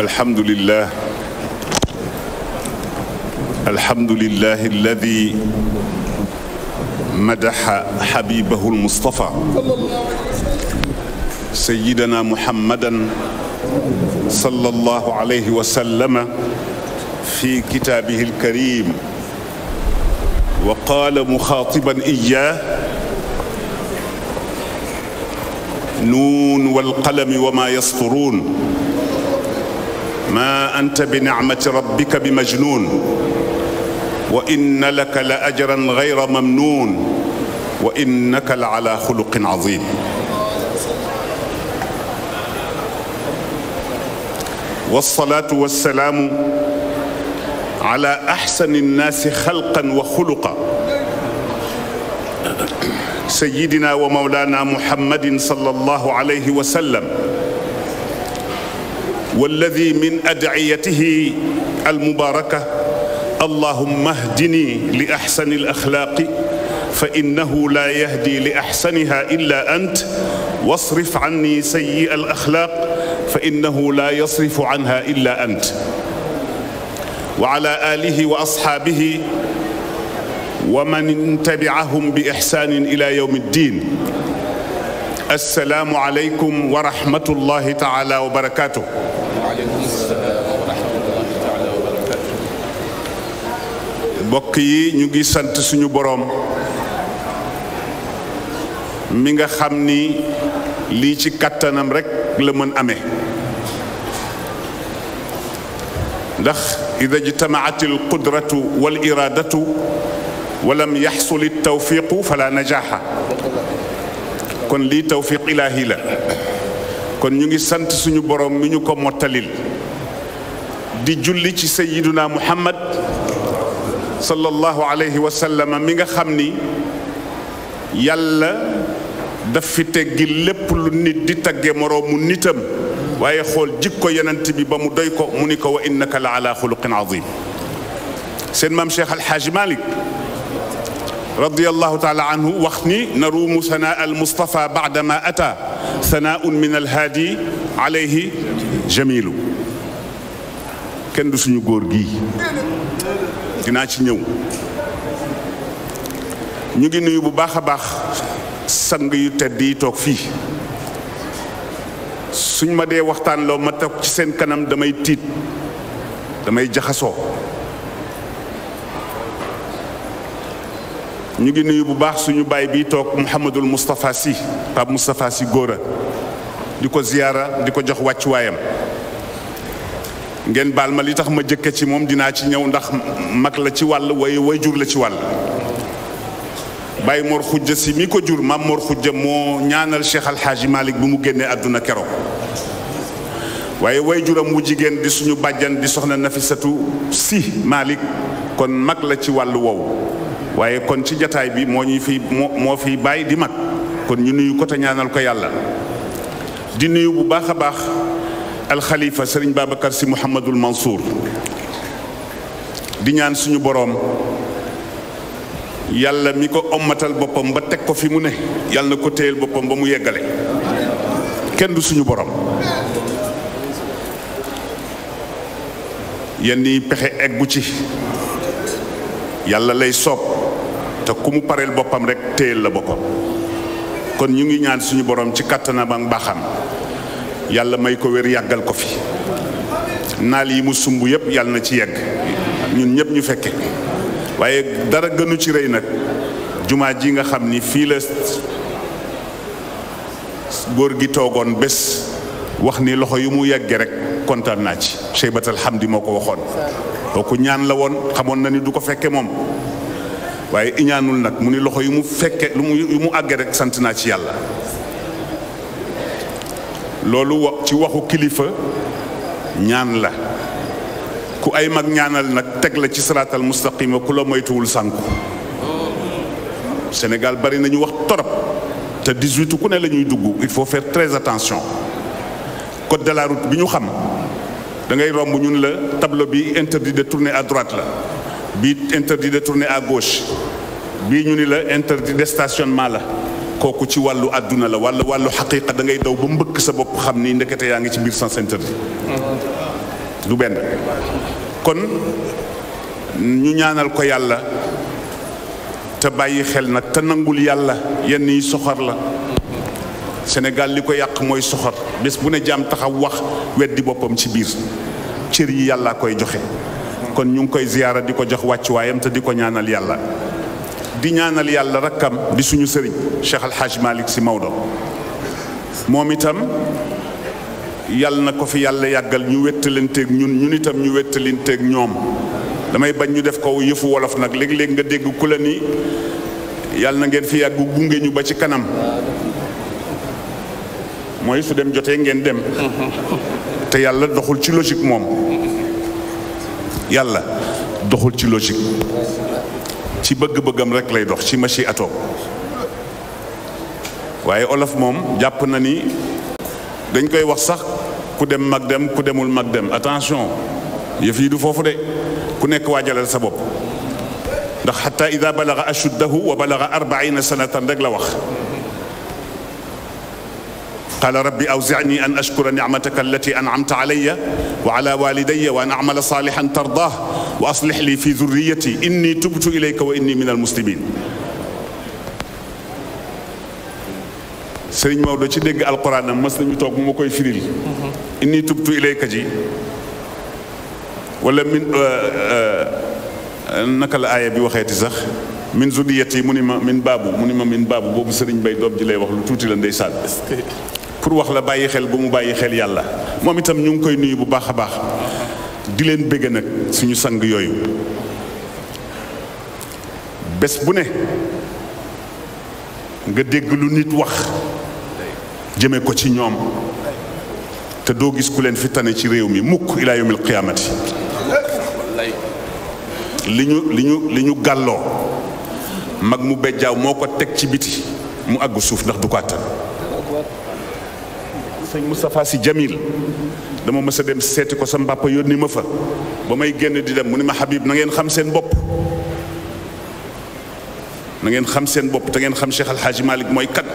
الحمد لله الحمد لله الذي مدح حبيبه المصطفى سيدنا محمدا صلى الله عليه وسلم في كتابه الكريم وقال مخاطبا إياه نون والقلم وما يسطرون ما أنت بنعمة ربك بمجنون وإن لك لأجرا غير ممنون وإنك لعلى خلق عظيم والصلاة والسلام على أحسن الناس خلقا وخلقا سيدنا ومولانا محمد صلى الله عليه وسلم والذي من أدعيته المباركة اللهم اهدني لأحسن الأخلاق فإنه لا يهدي لأحسنها إلا أنت واصرف عني سيء الأخلاق فإنه لا يصرف عنها إلا أنت وعلى آله وأصحابه ومن تبعهم بإحسان إلى يوم الدين السلام عليكم ورحمة الله تعالى وبركاته وعليكم السلام ورحمة الله تعالى وبركاته بقي نجي سنت سنو بروم ميغا خامني ليشي سي كاتانام لمن امي دخ اذا اجتمعت القدرة والارادة ولم يحصل التوفيق فلا نجاح kon li tawfiq ilahi la kon ñu ngi sant suñu borom mi ñu ko motalil di julli ci sayyiduna muhammad sallallahu alayhi wa sallam mi nga xamni yàlla daf fi teggi lépp lu nit di tagge moroomu nitam waye xol jikko yonent bi ba mu doy ko muniko wa innaka la ala khuluqin azim sen maam cheikh alxaaji malik رضي الله تعالى عنه وخني نروم ثناء المصطفى بعدما أتى ثناء من الهادي عليه جميل كندو سنو غورغي دينا سي نيو نيغي نيو بو باخا باخ سانغ يو تيدي توك في سوني ما دي وقتان لو ما سن كانام داماي تيت داماي جخاسو ñu ngi nuyu bu baax suñu bay bi tok Mouhamadul mustafa si pap mustafa si gora diko ziyara diko jox waccu wayam ngeen bal ma li tax ma jëkke ci mom dina ci ñëw ndax mak la ci wal way way jur la ci wal bay Mor xujja si mi ko jur Maam Mor xujja mo ñaanal Cheikh Alxaaji malik bu mu genné aduna kéro waaye way juram mu jigen di suñu bàjjan di soxna Nafisatu si malik kon mak la ci wal wow waaye kon ci jataay bi moo ñuy fi moo moo bàyyi di mag kon ñu nuyu ko ñaanal ko yàlla di nuyu bu baax a baax alxalifa sëriñ Babacar si Mouhamadul Mansour di ñaan suñu boroom yàlla mi ko boppam ba teg ko fi mu ne yàlla na ko téyel boppam ba mu yeggale kenn du suñu boroom yenn yi pexe eggu ci yàlla lay soob te ku mu pareel boppam rek téyel la boppam kon ñu ngi ñaan suñu boroom ci kattanam ak mbaaxam yàlla may ko wér yàggal ko fi naal yi mu sumb yëpp yàlla na ci yegg ñun ñëpp ñu fekke waaye dara gënu ci rëy nag jumaa ji nga xam ni fii la góor gi toogoon bés wax ni loxo yi mu yeggee rek kontaan naa ci Cheybatal Hamdi moo ko waxoon kooku ñaan la woon xamoon na ni du ko fekke moom waaye iñaanul nag mu ni loxo yu mu fekke lu mu yu mu àggee rek sant ci yàlla loolu wa ci waxu kilifa ñaan la ku ay mag ñaanal nag teg la ci siraatal mustaqima ku la moytuwul sànku Sénégal bari nañu wax torop te 18 ku ne la ñuy dugg il faut faire très attention code de la route bi xam da ngay romb ñun la tableau bi interdit de tourner à droite la bii interdit de tourner à gauche bi ñu ni la interdit de stationnement la koku ci walu aduna la walu walu haqiqa da ngay daw bu mbeuk sa bop xamni ni ndekete yaa ngi ci bir sens du ben kon ñu ñaanal ko yalla. te bayyi xel nag te nangul yalla yen yi soxor la Sénégal liko yak moy soxor bu ne jam taxaw wax weddi bopam ci bir ciir yi yalla koy joxe kon ñu ngi koy ziyaara di ko jox wàccuwaayam te di ko ñaanal yàlla di ñaanal yàlla rakkam di suñu sëriñ Cheikh Al Hadj Malick Sy Maodo moom itam yàlla na ko fi yàlla yàggal ñu wettalanteeg ñun ñun itam ñu wettalanteeg ñoom damay bañ ñu def ko yëfu wolof nag léeg-léeg nga dégg ku la ni yàlla na ngeen fi yàggu gunge ñu ba ci kanam mooy su dem jotee ngeen dem te yàlla doxul ci logique moom yàlla doxul ci logique ci bëgg-bëggam rek lay dox ci machi ato waaye olof moom jàpp na ni dañ koy wax sax ku dem mag dem ku demul mag dem attention yëf yi du foofu de ku nekk waajalal sa bopp ndax xata ida balaga ashuddahu wa balaga arbaina sanatan rek la wax قال ربي أوزعني أن أشكر نعمتك التي أنعمت علي وعلى والدي وأن أعمل صالحا ترضاه وأصلح لي في ذريتي إني تبت إليك وإني من المسلمين سيرين مولا سي القران المسلم توك موكاي فيريل اني تبت اليك جي ولا من آآ آآ نكال آية بي وخيتي من زوديتي من بابو من بابو بوب سيرين باي دوب جي لي واخ توتي لا ندي pour wax la bàyyi xel bu mu bàyyi xel yàlla moom itam ñu ngi koy nuyu bu baax a baax di leen bëgg nag suñu sang yooyu bés bu ne nga dégg lu nit wax jëme ko ci ñoom te doo gis ku leen fi tane ci réew mi mukk ilaa yawmil qiyaamati li ñu li ñu li ñu gàlloo mag mu bejjaaw moo ko teg ci biti mu àgg suuf ndax du ko àttan sëñ Moustapha Sy Jamil dama mës a dem seeti ko sa mbàppa yónni ma fa ba may génn di dem mu ni ma Habib na ngeen xam seen bopp na ngeen xam seen bopp te ngeen xam Cheikh Al Hadj Malick mooy kat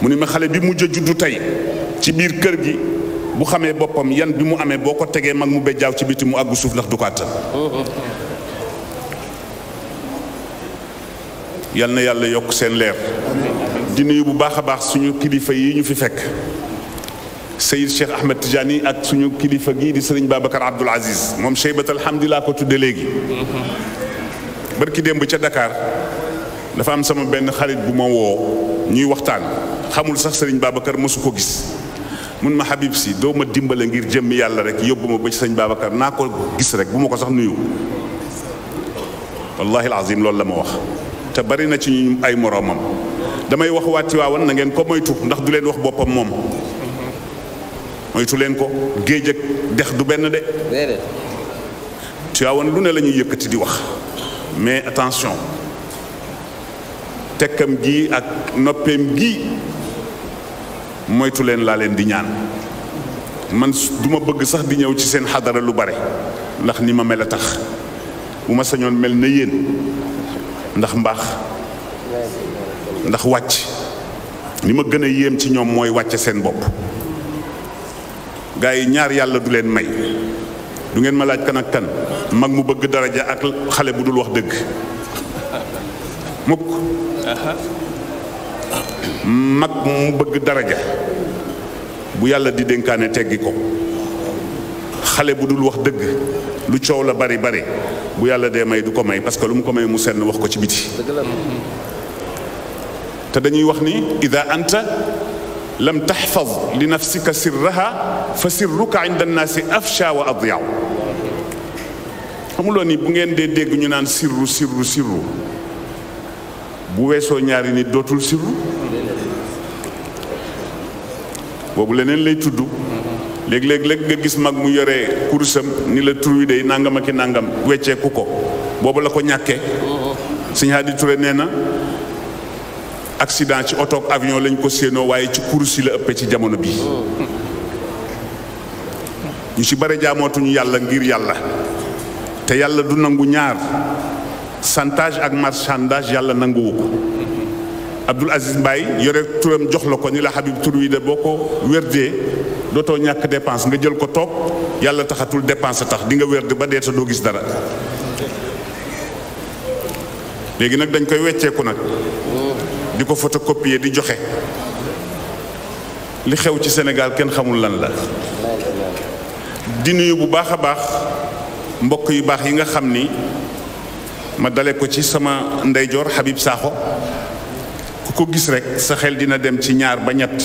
mu ni ma xale bi mujj a juddu tey ci biir kër gi bu xamee boppam yan bi mu amee boo ko tegee mag mu bejjaaw ci biti mu àggu suuf ndax du ko àttan yal na yàlla yokk seen leer di nuyu bu baax a baax suñu kilifa yi ñu fi fekk سيد الشيخ احمد تجاني اك سونو كليفه غي دي سيرن بابكر عبد العزيز موم شيبه الحمد لله كو تودي ليغي بركي ديمب تي دكار دا فام سما بن خالد بوما وو ني وقتان خامول صاح سيرن بابكر مسوكو غيس من ما حبيب سي دوما ديمبال غير جيم يالا رك يوبما با سيرن بابكر ناكو غيس رك بوما كو صاح نويو والله العظيم لول لا ما واخ تا بارينا تي ني اي موروم damay wax wati wa won na ngeen ko moytu ndax du len wax moytu leen ko géej ak dex du benn de Tiwaawan lu ne lañuy ñuy yëkkati di wax mais attention tekkam gi ak noppeem gi moytu leen laa leen di ñaan man duma bëgg sax di ñëw ci seen xadara lu bare ndax ni ma mel a tax bu ma sañoon mel na yéen ndax mbaax ndax wàcc li ma gën a yéem ci ñoom mooy wàcce seen bopp gaa yi ñaar yàlla du leen may du ngeen ma laaj kan ak kan mag mu bëgg daraja ak xale bu dul wax dëgg mukk mag mu bëgg daraja bu yàlla di dénkaane teggi ko xale bu dul wax dëgg lu coow la bari bari bu yàlla dee may du ko may parce que lu mu ko may mu senn wax ko ci biti te dañuy wax ni ida anta lam taxfaz li nafsika sirraha fa sirruka inda annaasi afsha wa adyaw xamuloo ni bu ngeen dee dégg ñu naan sirru sirru sirru bu weesoo ñaari nit dootul sirru boobu leneen lay tudd léeg-léeg léeg nga gis mag mu yore kurusam ni la tur wi day nangam ak wecceeku ko boobu la ko ñàkkee sëñ nee na accident ci otoog avion lañ ko séenoo waaye ci kurus yi la ëppee ci jamono bi ñu ci bare jaamootuñu yàlla ngir yàlla te yàlla du nangu ñaar santage ak marchandage yàlla nanguwu ko Abdoul Aziz Mbaye yore turam jox la ko ni la Habib tur de boo ko wérdee dootoo ñàkk dépense nga jël ko toog yàlla taxatul dépense tax di nga wérd ba dee te doo gis dara léegi nag dañ koy wecceeku nag di ko photocopier di joxe li xew ci Sénégal kenn xamul lan la di nuyu bu baax a baax mbokk yu baax yi nga xam ni ma dale ko ci sama ndeyjoor Habib Sakho ku ko gis rekk sa xel dina dem ci ñaar ba ñett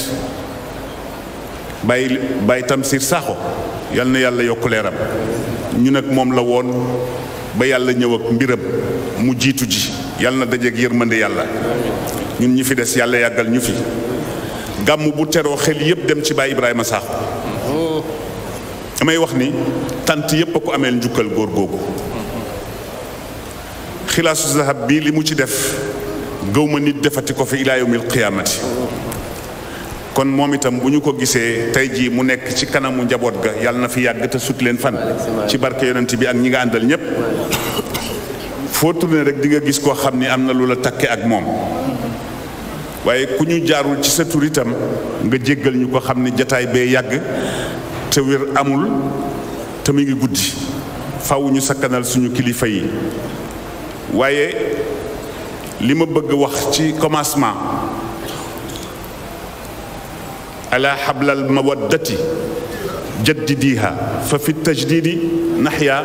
Baye Baye Tamsir Sakho yal na yàlla yokk leeram ñu nag moom la woon ba yàlla ñëw ak mbiram mu jiitu ji yal na dajeeg yërmande yàlla ñun ñi fi dess yàlla yagal ñu fi gam bu tero xel yëpp dem ci Baye Ibrahima sax damay wax ni tante yëpp ko amel njukal gor gogo xilaasu zahab bi limu ci def gawma nit defati ko fi ila yawmil qiyamati kon momitam buñu ko gisé tey jii mu nek ci kanamu njabot ga yàlla na fi yag ta sut len fan ci barke yonenti bi ak ñi nga àndal ñep foo tourné rek di nga gis ko xamni amna lula takke ak mom waaye ku ñu jaarul ci sa itam nga jéggal ñu ko xam ne jataay bee yàgg te wér amul te mu ngi guddi faw ñu sakkanal suñu kilifa yi waaye li ma bëgg wax ci commencement ala xablal mawaddati jaddidiha fa fi tajdidi naxya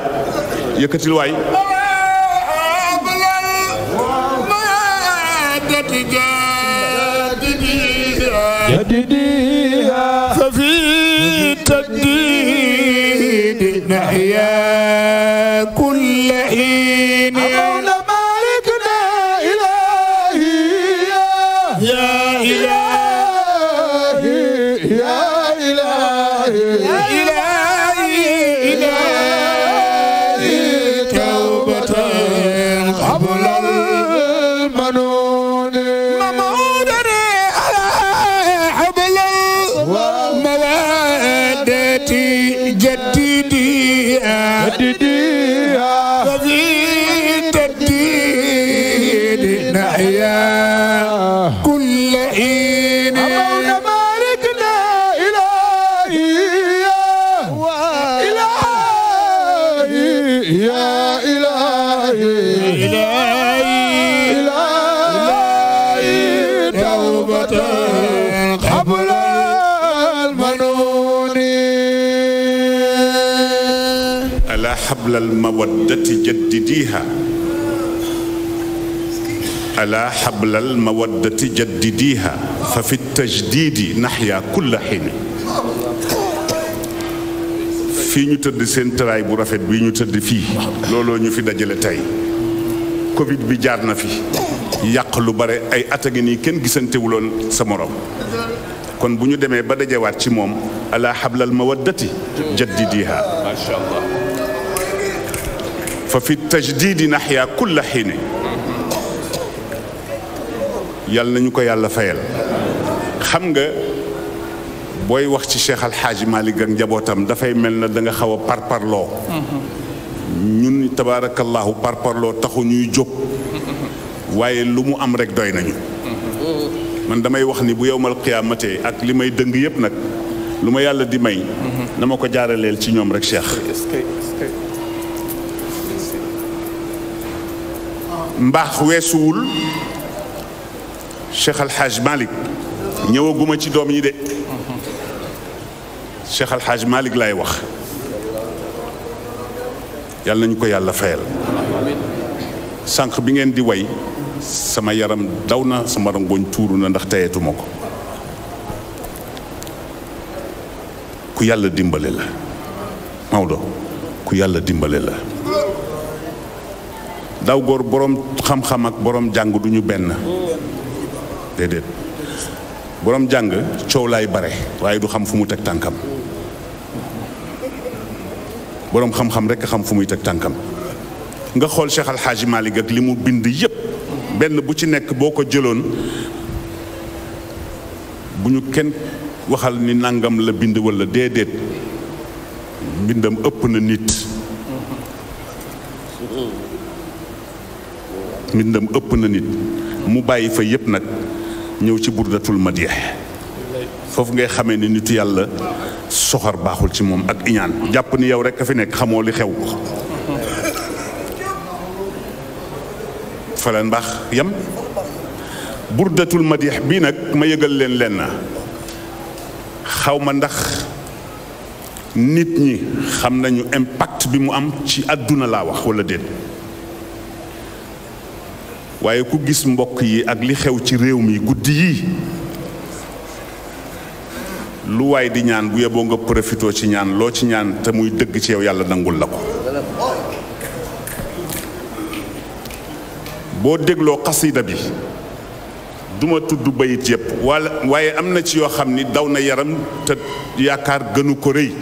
yëkkatil waay تهدديها ففي تجديد نحياها المودة جدديها ألا حبل المودة جدديها ففي التجديد نحيا كل حين fii ñu tëdd seen tëraay bu rafet bii ñu tëdd fii looloo ñu fi dajale tey Covid bi jaar na fi yàq lu bare ay at a ngi nii kenn gisantewuloon sa morom kon bu ñu demee ba dajewaat ci moom ala hablal mawaddati jaddidiha ma sha Allah ففي التجديد نحيا كل حين يال نيوكو يالا فايل خمغا بوي واخ سي شيخ الحاج مالك غن جابوتام دا فاي ملنا داغا خاوا باربارلو نون تبارك الله باربارلو تخو نيو جوب waye lu mu am rek doy nañu man damay wax ni bu yowmal qiyamate ak limay deung yep nak luma yalla di may nama ko jaaraleel ci مباح ويسول شيخ الحاج مالك نيو غوما تي دومي دي شيخ الحاج مالك لاي واخ يالا نكو يالا فايل سانخ بي نين دي واي سما يارام داونا سما رنغون تورو نا ندخ تايتو مكو كو يالا ديمبالي لا مودو كو يالا ديمبالي لا daw góor borom xam-xam ak boroom jàng du benn déedéet boroom jàng coow laay bare waaye du xam fu mu teg tànkam borom xam rek xam fu muy teg tànkam nga xool Cheikh Al Hadj ak li mu bind yépp benn bu ci nekk boo ko jëloon bu ñu kenn waxal ni nangam la bind wala déedéet mbindam ëpp na nit mbindam ëpp na nit mu bàyyi fa yépp nag ñëw ci burdatul madih foofu ngay xame ni nitu yàlla soxor baaxul ci moom ak iñaan jàpp ni yow rek a fi nekk xamoo li xew fa leen baax yam burdatul madih bii nag ma yëgal leen lenn xaw ma ndax nit ñi xam nañu impact bi mu am ci àdduna laa wax wala déet waaye ku gis mbokk yi ak li xew ci réew mi guddi yi lu waay di ñaan bu yeboo nga profitoo ci ñaan loo ci ñaan te muy dëgg ci yow yàlla nangul la ko boo dégloo xasida bi duma tudd bayit yépp wala waaye am na ci yoo xam ni daw na yaram te yaakaar gënu ko rëy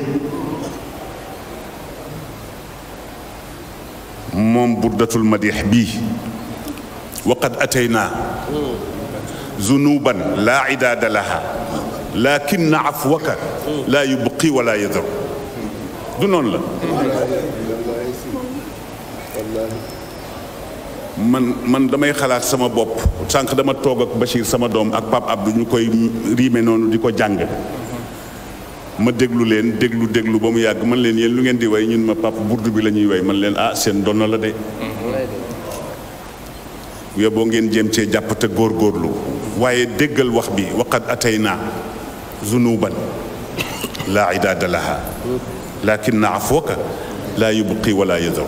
moom burdatul madix bii وقد أتينا ذنوبا لا عداد لها لكن عفوك لا يبقي ولا يذر دون الله من من دمي خلاص سما بوب سانك دما توغك بشير سما دوم اك باب عبد ني كوي ريمي نونو ديكو جانغ ما دغلو لين دغلو دغلو بامو ياغ من لين يين لو نين دي واي نين ما باب بوردو بي لا نيي واي من لين اه سين دون لا دي bu yóbboo ngeen jëm cee jàpp te góorgóorlu waaye déggal wax bi waqad atayna zunuban laa idaada laha lakin afwaka laa yubqi wala yazaw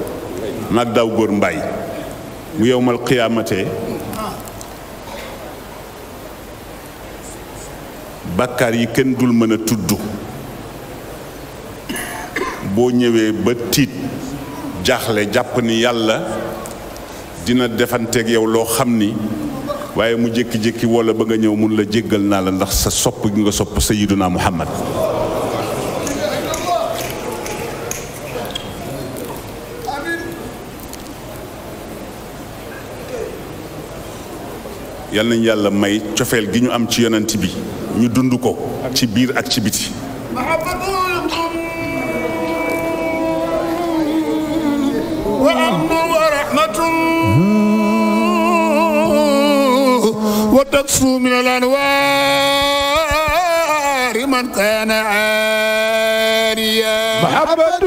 maag daaw góor mbaay bu yowmal qiyaamatee bàkkaar yi kenn dul mën a tudd boo ñëwee ba tiit jaaxle jàpp ni yàlla dina defante ak yow loo xam ni waaye mu jékki-jékki wala ba nga ñëw mun la jéggal naa la ndax sa sopp gi nga sopp sayiduna muhammad yal nañ yàlla may cofeel gi ñu am ci yonent bi ñu dund ko ci biir ak ci biti wa rahmatun تكسو من الأنوار من كان عاريا محمد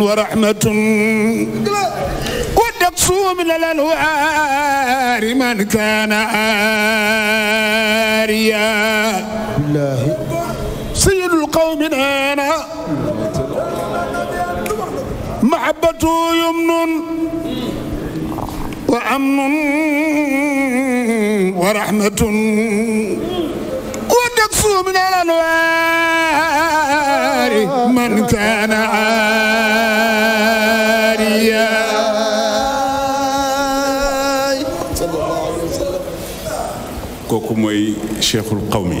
ورحمة وتقصو من الأنوار من كان آريا بالله سيد القوم أنا محبة يمن وأمن ورحمة يبلغ من الأنوار من كان عاريا kooku mooy cheikhul qawmi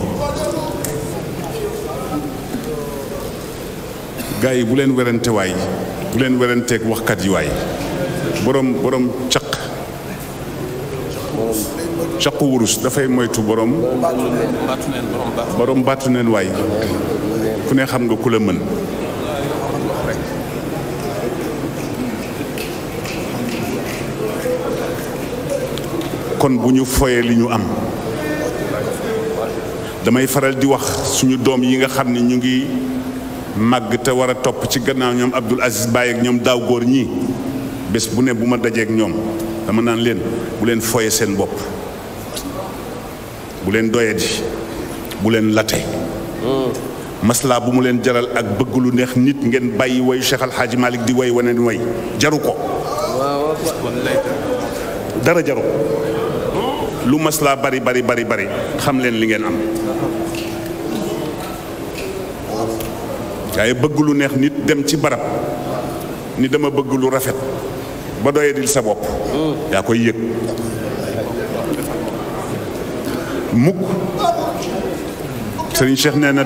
gars yi bu leen werante waay bu leen weranteeg waxkat yi waay borom borom caq caqu wurus dafay moytu boroom borom battu neen waay ku ne xam nga ku la mën kon bu ñu foyee li ñu am damay faral di wax suñu doom yi nga xam ne ñu ngi màgg te war a topp ci gannaaw ñoom Abdoul Aziz Baye ak ñoom daaw góor ñi bés bu ne bu ma dajeek ñoom dama naan leen bu leen foye seen bopp bulen leen doyadi bulen late masla bu mu len jaral ak bëgg lu neex nit ngeen bàyyi way Cheikh Al hadji malik di way wonen way jaru ko dara jaru lu masla bari bari bari bari xam len li ngeen am waaye bëgg lu neex nit dem ci barab ni dama bëgg lu rafet ba doyadil sa bop ya koy yek mukk sëriñ Cheikh nee na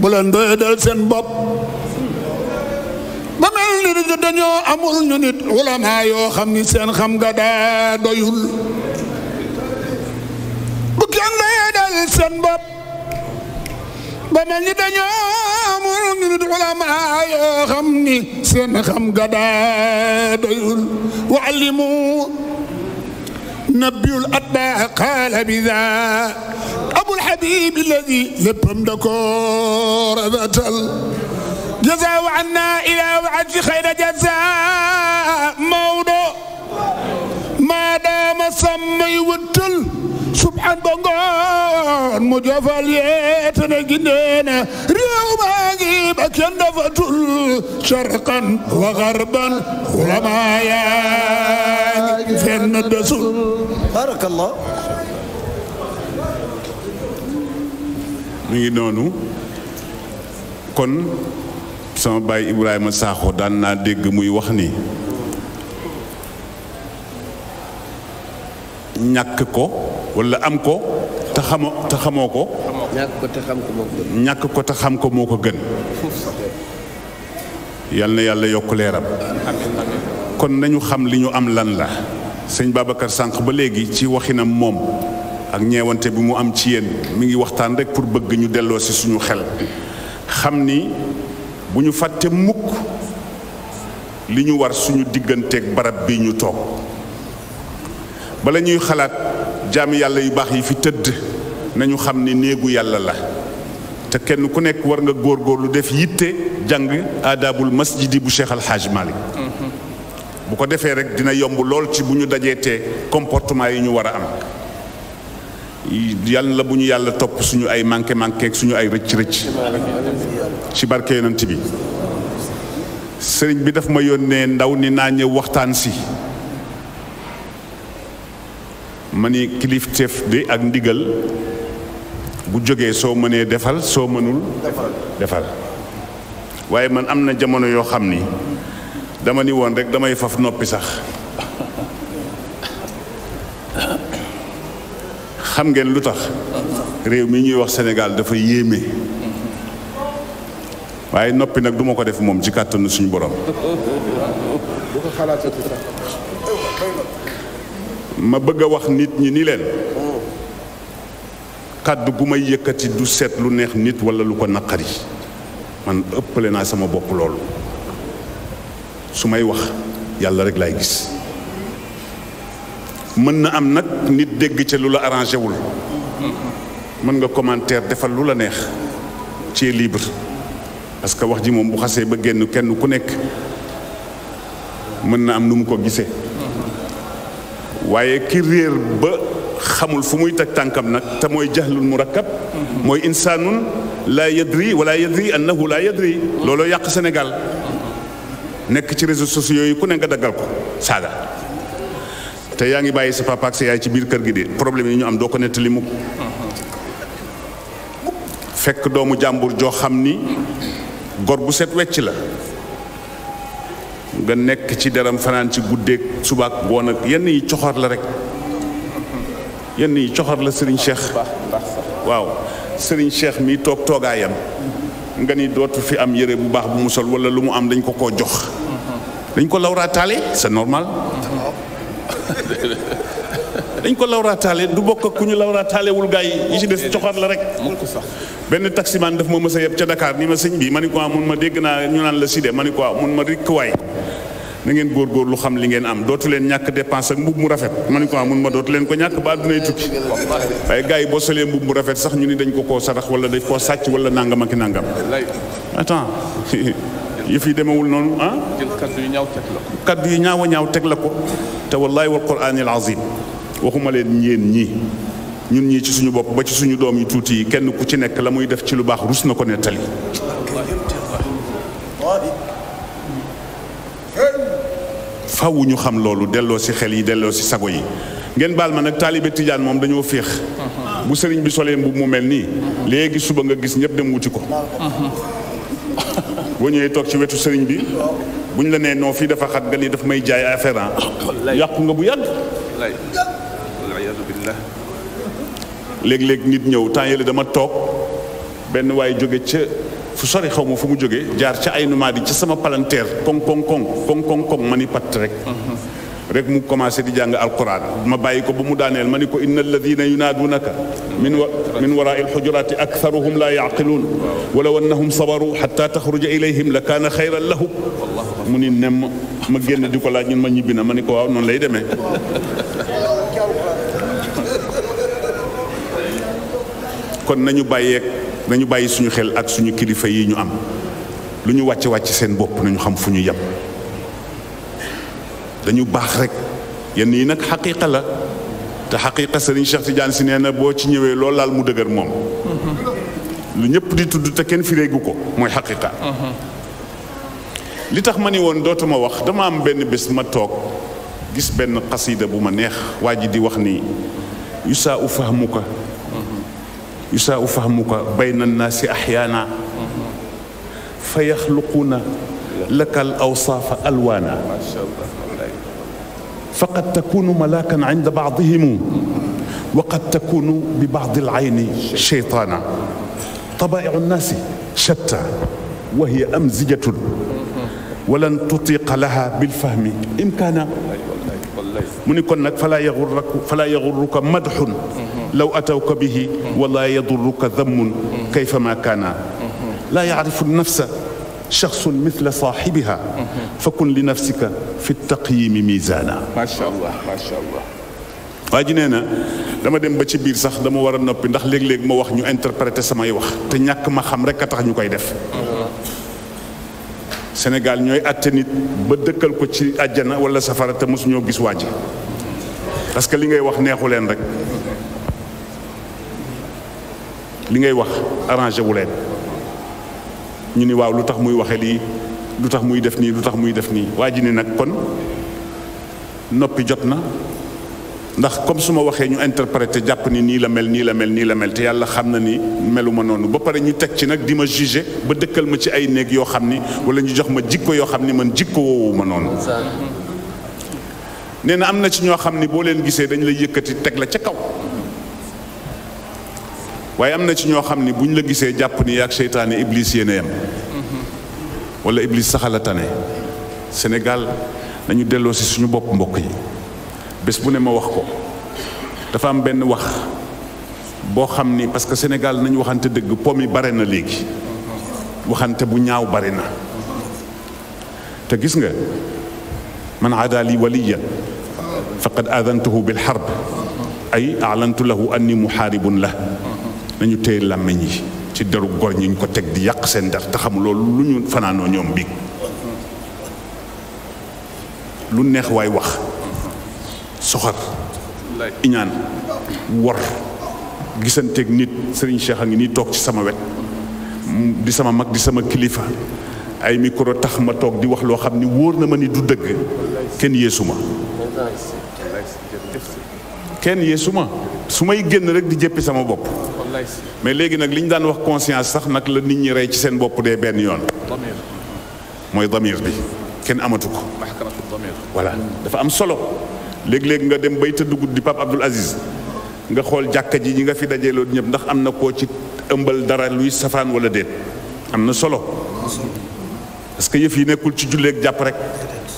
bu leen doyadal seen bopp ba mel ni dañoo amul ñu nit ulama yoo xam ni seen xam nga daa doyul bu kenn doyadal seen bopp ba mel ni dañoo nit ulamaa yoo xam ni seen xam ga daa doyul wa allimu nabiyul atbaa qaala bi daa abul xabib alladi léppam da ko rabatal jazaa wa anna ilaa wa ajji xayra jazaa mawdo maadaama sàmmay wëttal subhaan ba ngoon mu jofal yeete ne gindeena réew maa ngi ba kenn dafatul sharqan wa garban ulama fenn desul barakallah ngi noonu kon sama baay Ibrahima Sakho daan naa dégg muy wax ni ñàkk ko wala am ko te xamoo te xamoo ko. ñàkk ko te xam ko moo ko gën. ñàkk ko xam ko moo ko gën. yal na yàlla yokk leeram. kon nañu xam li ñu am lan la. sëñ Babacar sànq ba léegi ci waxinam moom ak ñeewante bi mu am ci yéen mi ngi waxtaan rek pour bëgg ñu delloo si suñu xel xam ni bu ñu fàtte mukk li ñu war suñu digganteek barab bi ñu toog bala ñuy xalaat. jaami yàlla yu baax yi fi tëdd nañu xam ni néegu yàlla la te kenn ku nekk war nga góor góor lu def yitte jàng aadaabul masjidi bu Cheikh Al Hadj bu ko defee rek dina yomb lool ci bu ñu dajee te comportement yi ñu war a am yàlla bu ñu yàlla topp suñu ay manqué manqué ak suñu ay rëcc rëcc ci barke yonent bi sëriñ bi dafa ma yónnee ndaw ni naa ñëw waxtaan si ma ni kilifteef di ak ndigal bu jógee soo mënee defal soo mënul defal waaye man am na jamono yoo xam ni dama ni woon rek damay faf noppi sax xam ngeen lu tax réew mi ñuy wax Sénégal dafa yéeme waaye noppi nag duma ko def moom ci kàttanu suñu boroom ma bëgg a wax nit ñi ni leen kàddu gu may yëkkati du seet lu neex nit walla lu ko naqari man ëppale naa sama bopp loolu su may wax yàlla rek laay gis mën na am nag nit dégg ca lu la arrangé wul mën nga commentaire defal lu la neex ci libre parce que wax ji moom bu xasee ba génn kenn ku nekk mën na am nu mu ko gisee waaye ki réer ba xamul fu muy teg tànkam nag te mooy mu murakkab mooy insaanun laa yadri wala yadri annahu laa yadri looloo yàq Sénégal nekk ci réseaux sociaux yi ku ne nga daggal ko saaga te yaa ngi bàyyi sa papa sa yaay ci biir kër gi de problème yi ñu am doo ko nettali mukk fekk doomu jàmbur joo xam ni gor bu set wecc la nga nekk ci deram fanaan ci guddeeg subaak ngoon ak yenn yi coxor la rek yenn yi coxor la Serigne Cheikh waaw Serigne Cheikh mi toog toogaayam nga ni dootu fi am yére bu baax bu mu sol wala lu mu am dañ ko ko jox dañ ko lawraataale sa normal dañ ko lawraataale du bokk ak ku ñu lawraataalewul gaa yi yi ci des coxor la rek mukk sax benn taximaan daf ma mës a yeb ca Dakar ni ma sëñ bi ma ni ko ah, mun ma dégg naa ñu naan la Sida ma ko ah, mun ma rikk waay na góor góorgóor lu xam li ngeen am dootu leen ñàkk dépense ak mbubb mu rafet ma ni ko ah, mun ma dootu leen ko ñàkk ba àddunay tukki waaye gars yi boo solee mbubb mu rafet sax ñu ni dañ ko koo sarax wala dañ koo sàcc wala nangam ak nangam. attends yëf yi demewul noonu ah. jël yi yu ñaaw teg la ko. ñaaw a ñaaw teg la ko te wallaahi wal quraanil aziim waxuma leen yéen ñii. ñun ñii ci suñu bopp ba ci suñu doom yi tuuti yi kenn ku ci nekk la muy def ci lu baax rus na ko nettali faw ñu xam loolu delloo si xel yi delloo si sago yi ngeen baal ma nag taalibe tijaan moom dañoo féex bu sëriñ bi solee mbubb mu mel nii léegi suba nga gis ñëpp dem wuti ko boo ñëwee toog ci wetu sëriñ bi bu ñu la nee non fii dafa xat nga ni daf may jaay affaire ah, yàqu nga bu yàgg léegi léeg nit ñëw temps yële dama toog benn waaye jóge ca fu sori xaw ma fu mu jóge jaar ca ay numaat yi ca sama palanteer koŋ koŋ koŋ koŋ koŋ koŋ ma ni patt rek rek mu commencé di jàng al alquran ma bàyyi ko bu mu daaneel ma ni ko inna alladina yunaadunaka min min waraa ak aktharuhum laa yaaqiluun walaw annahum sabaru xata taxruja ilayhim la kaana xayran lahum mu ni nem ma génn di ko laaj ma ñibbi na ma ni ko waaw noonu lay demee kon nañu bàyyeek nañu bàyyi suñu xel ak suñu kilifa yi ñu am lu ñu wàcc wàcc seen bopp nañu xam fu ñu yem dañu baax rek yenn yi nag xaqiiqa la te xaqiiqa sëriñ Cheikh Tidiane si nee na boo ci ñëwee loolu laal mu dëgër moom lu ñëpp di tudd te kenn firéegu ko mooy xaqiiqa li tax ma ni woon dootuma wax dama am benn bés ma toog gis benn xasida bu ma neex waa ji di wax ni yusaa u fahmuka يساء فهمك بين الناس أحيانا فيخلقون لك الأوصاف ألوانا فقد تكون ملاكا عند بعضهم وقد تكون ببعض العين شيطانا طبائع الناس شتى وهي أمزجة ولن تطيق لها بالفهم إمكانا من يكون فلا يغرك فلا يغرك مدح لو أتوك به ولا يضرك ذم كيفما كان لا يعرف النفس شخص مثل صاحبها فكن لنفسك في التقييم ميزانا ما شاء الله ما شاء الله waa ji nee na dama dem ba ci biir sax dama war a noppi ndax léeg-léeg ma wax ñu interpréter samay wax te ñàkk ma xam rek a tax ñu koy def Sénégal ñooy àtte nit ba dëkkal ko ci àjjana wala safara te mosuñoo gis waa ji parce que li ngay wax neexu leen rek li ngay wax arrangé wu len ñu ni waaw lutax muy waxe li lutax muy def ni lutax muy def ni waji ni nak kon nopi jotna ndax comme suma waxe ñu interpréter jàpp ni ni la mel ni la mel ni la mel te yàlla xam na ni meluma nonu ba pare ñu tek ci nak dima juger ba dëkkal ma ci ay néeg yo xamni wala ñu jox ma jikko yo xamni man jikko woowu ma nonu neena amna ci ño xamni bo len gisee dañ lay yëkëti tek la ca kaw waaye am na ci ñoo xam ni bu ñu la gisee jàpp ni yaag seytaane iblis yéen a yem wala iblis saxala tane Sénégal nañu delloo si suñu bopp mbokk yi bés bu ne ma wax ko dafa am benn wax boo xam ni parce que Sénégal nañu waxante dëgg pom yi bare na léegi waxante bu ñaaw bare na te gis nga man aada li waliyan faqad aadantuhu bil harb ay aalantu lahu anni muhaaribun la nañu téye làmmiñ yi ci deru góor ñi ñu ko teg di yàq seen der taxamu loolu lu ñu fanaanoo ñoom biig lu neex waay wax soxor iñaan wor gisanteeg nit sëriñ Cheikh a ngi nii toog ci sama wet di sama mag di sama kilifa ay micro tax ma toog di wax loo xam ni wóor na ma ni du dëgg kenn yéesu ma kenn yéesu ma su may génn rek di jëppi sama bopp mais léegi nag li ñu daan wax conscience sax nag la nit ñi rey ci seen bopp dee benn yoon. mooy damir bi kenn amatu ko. voilà dafa am solo. léeg léegi nga dem bay tëdd guddi Pape Abdoul Aziz nga xool jàkka ji ñi nga fi dajee loolu ñëpp ndax am na koo ci ëmbal dara luy safaan wala déet am na solo parce que yëf yi nekkul ci julleeg jàpp rek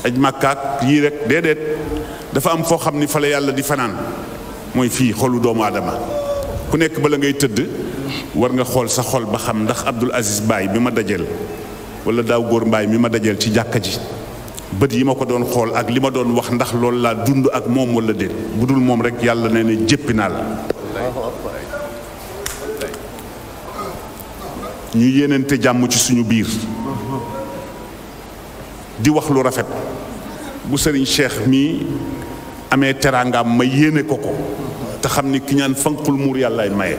aj màkkaak yii rek déedéet dafa am foo xam ni fa yàlla di fanaan mooy fii xolu doomu aadama ku nekk bala ngay tëdd war nga xool sa xol ba xam ndax Abdoul Aziz Baye bi ma dajeel wala daaw góor mbaay mi ma dajeel ci jàkka ji bët yi ma ko doon xool ak li ma doon wax ndax loolu laa dund ak moom wala déet bu dul moom rek yàlla nee na jéppi naa la ñu yéenante jàmm ci suñu biir di wax lu rafet bu sëriñ Cheikh mii amee teraangaam ma yéene ko ko te xam ni kiñaan ñaan fanqul muur yàllaay maye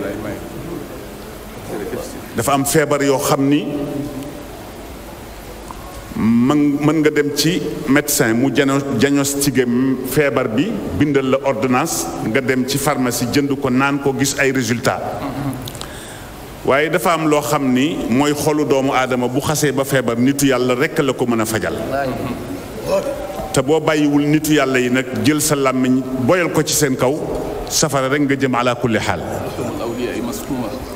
dafa am feebar yoo xam ni man mën nga dem ci médecin mu diagnostiqué feebar bi bindal la ordonnance nga dem ci pharmacie jënd ko naan ko gis ay résultat waaye dafa am loo xam ni mooy xolu doomu aadama bu xasee ba feebar nitu yàlla rekk la ko mën a fajal te boo bàyyiwul nitu yàlla yi nag jël sa làmmiñ boyal ko ci seen kaw safara rek nga jëm ala kulli xaal.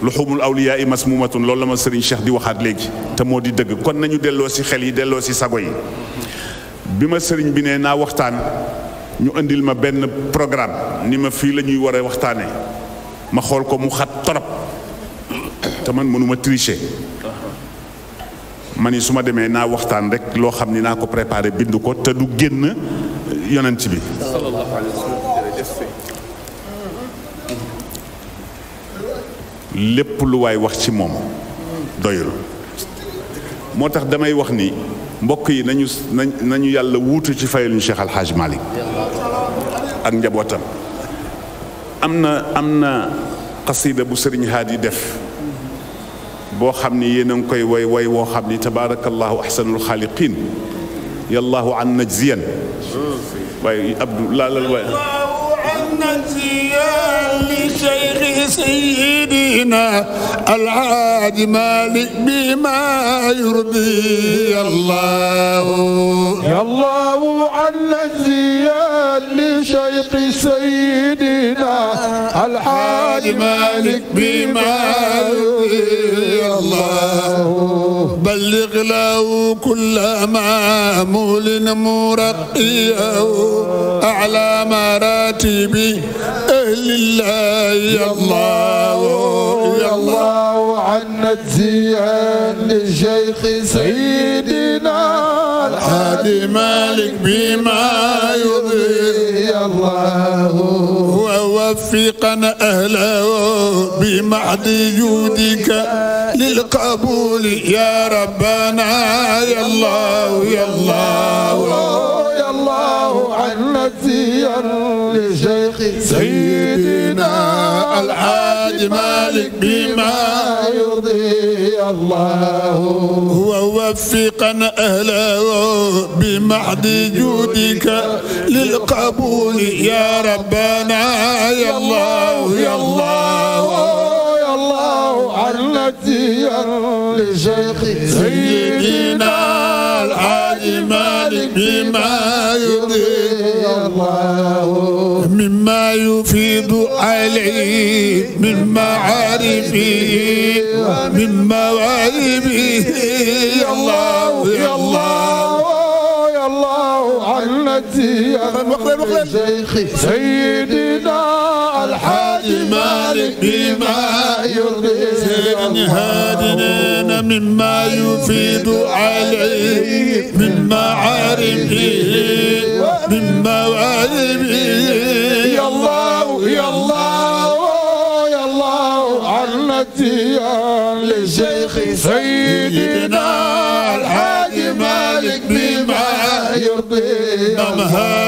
luxumul awliyaa masmuumatun loolu la ma sëriñ Cheikh di waxaat léegi. te moo di dëgg kon nañu delloo si xel yi delloo si sago yi. bi ma sëriñ bi nee naa waxtaan ñu indil ma benn programme ni ma fii la ñuy war a waxtaanee ma xool ko mu xat torop te man mënuma tricher. ma ni su ma demee naa waxtaan rek loo xam ni naa ko préparé bind ko te du génn yonent bi. lépp lu waay wax ci moom doyul moo tax damay wax ni mbokk yi nañu nañu yàlla wuutu ci fayal ñu Cheikh Al Hadj Malick ak njabootam am na am na xasida bu sëriñ haat yi def boo xam ni yéen a ngi koy way way woo xam ni tabaarakallahu ahsanul xaaliqin yallaahu an najziyan waaye abdu laalal waay منزيا لشيخ سيدنا العاد مالك بما يرضي الله يا الله عنا الزيان لشيخ سيدنا العاد مالك بما يرضي الله بلغ له كل مول مرقيه أعلى مراتب أهل الله يا الله يا الله عن الزيان للشيخ سيدنا الحادي مالك بما يا الله ووفقنا أهله بمعد جودك للقبول يا ربنا يا الله يا الله يا الله عن نسيا لشيخ سيدنا الحاج مالك بما يرضي الله ووفقنا أهله بمحض جودك للقبول يا ربنا يا الله يا الله يا الله عنك لشيخ سيدنا الحاج مالك بما يرضي مما يفيد عليه من معارفه ومن مواربه يا الله يا الله يا الله عن شيخي سيدنا بما يرضي هادنا مما يفيد عليه من معارفه من مواربه يا الله يا الله يا الله عنا الديان للشيخ سيدنا الحاج مالك بما يرضي